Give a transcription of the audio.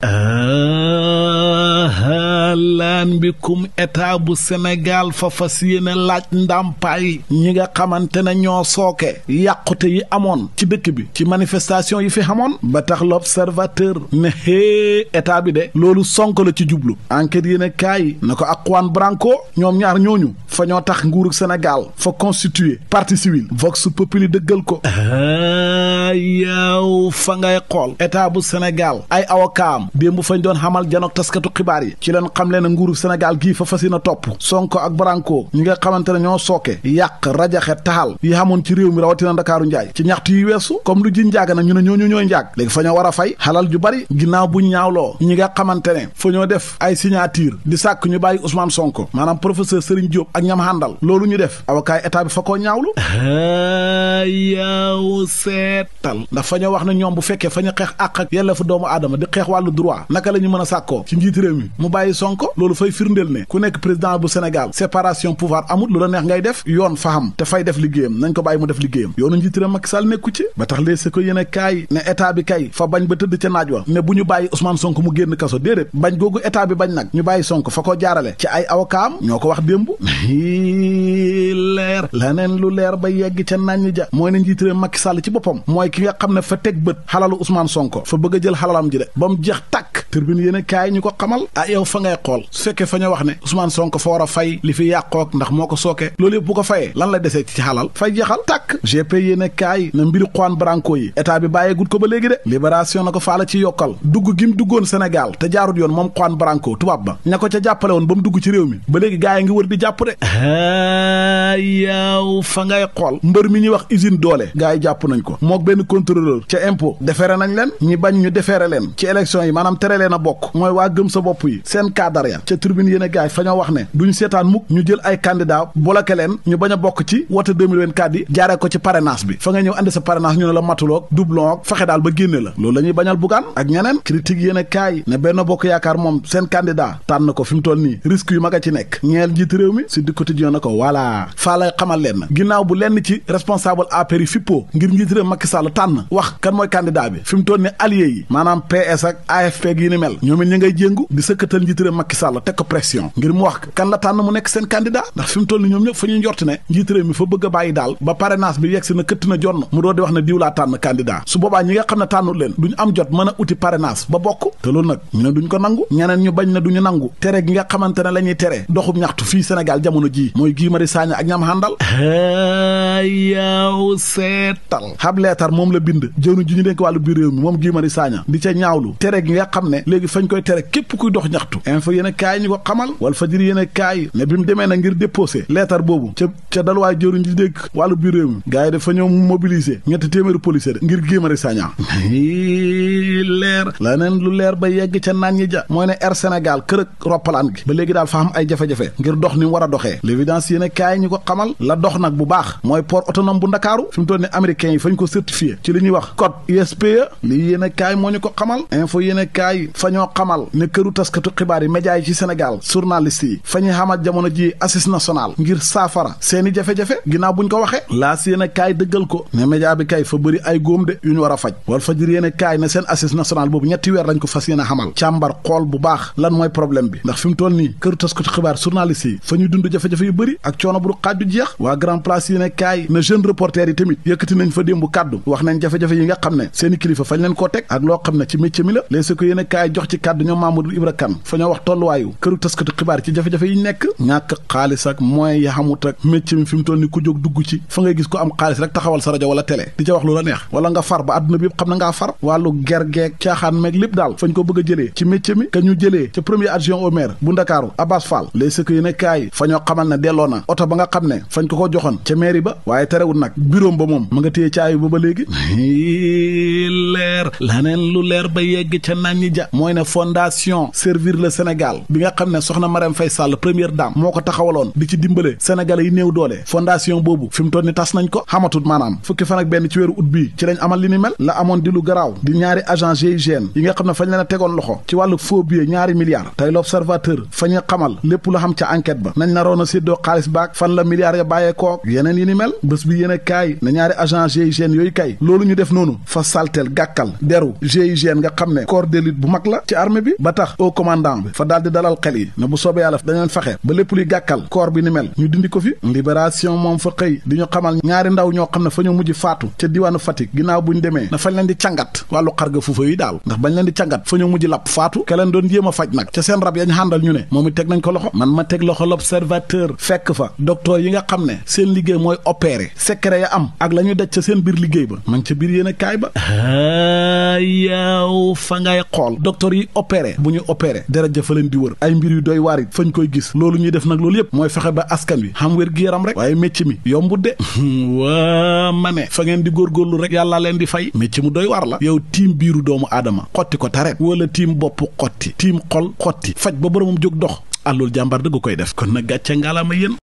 Ah laan bikum état bu senegaal fa fas yéene laaj ndàmpaay ñi nga xamante ne ñoo sooke yàqute yi amoon ci dëkk bi ci manifestation yi fi xamoon ba tax l'observateur ne hee état bi de loolu Sonko la ci jublu enquête yéene kaay na ko ak Juan Branco ñoom ñaar ñooñu fa ñoo tax nguurug Sénégal fa constitué partie civile vox populi dëggal ko yow fa ngay xool état bu Sénégal ay awokaam démb fañ doon xamal janook taskatu xibaar yi xamle na nguuru Sénégal gii fa fas yéene topp Sonko ak Branco ñi nga xamante ne ñoo sooke yàq rajaxe taxal yi xamoon ci réew mi rawatina Ndakaaru njaay ci ñaxtu yi weesu comme lu ji njaag na ñu ne ñooñu ñooy njaag léegi fa ñoo war a fay xalal ju bari ginnaaw bu ñaawloo ñi nga xamante ne fa ñoo def ay signature di sàkk ñu bàyyi Ousmane Sonko maanaam professeur Serigne Diop ak ñam xàndal loolu ñu def avocat état bi fa koo ñaawlu yaaw seetal ndax fa wax ne ñoom bu fekkee fa ñu ak yelleefu doomu aadama di xeex wàllu droit naka la mën a sàkkoo Sonko loolu fay firndeel ne ku nekk président bu Sénégal séparation pouvoir amul lu la neex ngay def yoon faham te fay def liggéeyam nañ ko bàyyi mu def liggéeyam yoonu njiitëram Macky nekku ci ba tax léeg sa ko yéen kaay ne état bi kay fa bañ ba tëdd ca naaj wa ne bu ñu bàyyi Ousmane Sonko mu génn kaso déedéet bañ googu état bi bañ nag ñu bàyyi Sonko fa ko jaarale ci ay awkaam ñoo ko wax démb leer leneen lu leer ba yegg ca nañ ja mooy ne njiitëram Macky Sall ci boppam mooy ki xam ne fa teg bët xalalu Ousmane a jël xalalam ji de ba mu jeex tàkk turbine yéen kaay ñu xool su fekkee fa ñu wax ne Ousmane Sonko fa war a fay li fi yàqook ndax moo ko sooke loolu yëpp bu ko fayee lan la desee ci xalal fay jeexal tàkk gp yéene kaay na mbiri Juan Branco yi état bi bàyyee gut ko ba léegi de libération na ko faala ci yokkal dugg gi mu duggoon Sénégal te jaarut yoon moom Juan Branco tubaab ba ña ko ca jàppale woon ba mu dugg ci réew mi ba léegi gaa yi ngi wër di jàpp de yaaw fa ngay xool mbër mi ñuy wax usine doole gaa yi jàpp nañ ko mook benn contrôleur ca impôt defeere nañ leen ñi bañ ñu defeere leen ci yi maanaam tere leen bokk mooy waa gëm sa bopp yi cadre ya ca tribune yéen a fa ñoo wax ne duñ seetaan mukk ñu jël ay candidat bloqué leen ñu bañ a bokk ci wote 2024 jaaree ko ci parrainage bi fa nga ñëw andi sa parrainage ñu ne la matuloog doublon fexe daal ba génne la loolu la bañal bugaan ak ñeneen critique yéen a kaay ne benn bokk yaakaar moom seen candidat tànn ko fi mu nii risque yu mag a ci nekk ñeel njiit mi si di quotidien na ko voilà faa xamal leen ginnaaw bu lenn ci responsable Macky Sall teg ko pression ngir mu wax kan la tànn mu nekk seen candidat ndax fi mu toll ni ñoom ñëpp fa ñu njort ne njiit mi fa bëgg a bàyyi daal ba parrainage bi yegsi na këtt na jonn mu doo di wax ne diw tànn candidat su boobaa ñi nga xam ne tànnul leen duñ am jot mën a uti parrainage ba bokk te loolu nag ñu ne duñ ko nangu ñeneen ñu bañ ne duñu nangu tere gi nga xamante ne la tere doxub ñaxtu fii Sénégal jamono jii mooy Guy Marius ak ñam fa yéen a a kaay ne bi mu demee na ngir déposé leetar boobu ca ca dalwaay jëruñ di dégg wàllu biir réew mi gars yi dafa ñëw leer la neen lu leer ba yegg ca naan ñi ja mooy ne Air Sénégal kër ak roppalaan gi ba léegi daal fa am ay jafe-jafe ngir dox ni war a doxee l'évidence yéen a kaay ñu ko xamal la dox nag bu baax mooy port autonome bu ndakaaru fi mu toll ni américains yi fañ ko certifié ci li ñuy wax code USPE lii yéen a kaay moo ñu ko xamal info yéen a kaay fa ñoo xamal ne këru taskatu xibaar yi média yi ci Sénégal journaliste yi fa ñuy xamaat jamono ji assise nationale ngir saafara seeni jafe-jafe ginnaaw buñ ko waxee laas yéene kaay dëggal ko ne média kay fa bëri ay góom de yu ñu war a faj wal fajir yéene kaay ne seen assise nationale boobu ñetti weer lañ ko fas yéene xamal càmbar xool bu baax lan mooy problème bi ndax fi mu nii këru taskatu xibaar journaliste yi fa ñuy dund jafe-jafe yu bëri ak coono bu du xaaj du jeex waa grand place ne jeune reporter kilifa fañ leen koo teg ne ci tolluwaayu këru taskatu xibaar ci jafe-jafe yi nekk ñàkk xaalis ak moyens yi xamut ak métier mi fi mu toll ni ku jóg dugg ci fa ngay gis ko am xaalis rek taxawal sa rajo wala di ca wax lu la neex wala nga far ba adduna bi yëpp xam na ngaa far wàllu gergeeg caaxaan meeg lépp daal fañ ko bëgg a jëlee ci métier mi ka jëlee ca premier adjoint au bu ndakaaru Abbas Fall les sëkk yi ne xamal ne delloo na oto ba nga xam ne fañ ko ko joxoon ba waaye terewul nag bureau ba moom ma nga téye caayu Sénégal bi nga xam ne soxna Marème Faye Sall première daam moo ko taxawaloon di ci dimbale sénégalais yi néew doole fondation boobu fi mu toll ni tas nañ ko xamatul maanaam fukki fan ak benn ci weeru ut bii ci lañ amal li ni mel la amoon di lu garaaw di ñaari agent GIGN yi nga xam ne fañ leen a tegoon loxo ci wàllu faux billet ñaari milliards tey l'observateur fañ xamal lépp lu xam ca enquête ba nañ naroon a séddoo xaalis baak fan la milliards ya bàyyee kook yeneen yi ni mel bés bi yéen a kaay na ñaari agent GIGN yooyu kay loolu ñu def noonu fa salteel gàkkal deru GIGN nga xam ne corps d'élite bu mag la ci armée bi ba tax au commandant fa daal di dalal xel yi ne bu soobee yàlla daneen fexe ba lépp luy gàkkal koor bi ni mel ñu dindi ko fi libération moom fa xëy di ñu xamal ñaari ndaw ñoo xam ne fa ñu mujj faatu ca diwaanu Fatick ginnaaw buñ demee na fañ leen di cangat wàllu xar ga fuufa yi daal ndax bañ leen di cangat fa ñu mujj lapp faatu ke leen doon jéem a faj nag ca seen rab yañ xàndal ñu ne moom it teg nañ ko loxo man ma teg loxo l'observateur fekk fa docteur yi nga xam ne seen liggéey mooy opérer am ak la ñuy daj ca seen biir liggéey ba man ca biir yéen kaay ba ah. nga yeew fa ngay xool docteur yi opéré bu ñu opéré deret ja fa leen di wër ay mbir yu doy waar it fañ koy gis loolu ñuy def nag loolu yëpp mooy fexe ba askan wi xam wér gi yaram rek waaye métti mi yombut de waa ma ne fa ngeen di góor góorgóorlu rek yàlla leen di fay métti mu doy waar la yow tiim biiru doomu aadama xotti ko taret wala tiim boppu xotti tiim xol xotti faj ba boromam jóg dox àllul jàmbar dëgg koy def kon na gàcce ngalaama yéen